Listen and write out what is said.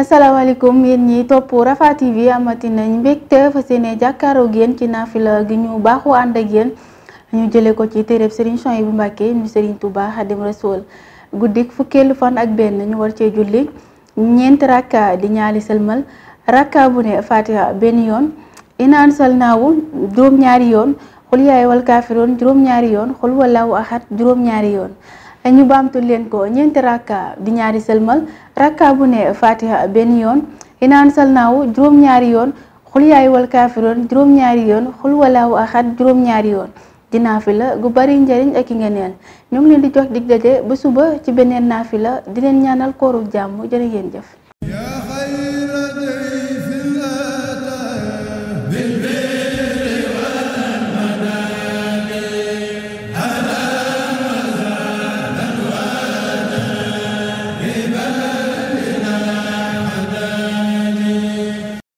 asalaamaaleykum yéen ñi topp Rafah TV amati nañ mbégte fa seene jàkkaaroo ak yéen ci naafila gi ñu baaxu ànd ak yéen ñu jëlee ko ci téere téereb Serigne Souhaïbou Mbacké mu Serigne Touba Xadim Rasoul guddik fukkeelu fan ak benn ñu war cee julli ñeenti rakka di ñaali sëlmal rakka bu ne fatiha benn yoon inaan salnaawu juróom-ñaari yoon xul yaay wal juróom-ñaari yoon xul walaawu axat juróom-ñaari yoon ñu baamtu leen ko ñeenti rakka di ñaari sëlmal rakka bu ne fatiha benn yoon inaan salnaaw juróom-ñaari yoon xul yaay wal kaafiroon juróom-ñaari yoon xul walaawu axat juróom-ñaari yoon dinaa fi la gu bari njariñ ak i ngeneel ñu ngi leen di jox dig daje ba suba ci beneen naa naafila di leen ñaanal kooru jàmm jërë ngeen jëf